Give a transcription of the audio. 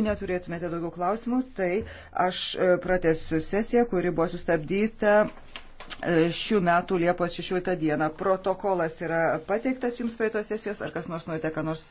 Jeigu neturėtumėte daugiau klausimų, tai aš e, pratesiu sesiją, kuri buvo sustabdyta e, šių metų Liepos 16 dieną. Protokolas yra pateiktas jums praeitos sesijos, ar kas nors norite ką nors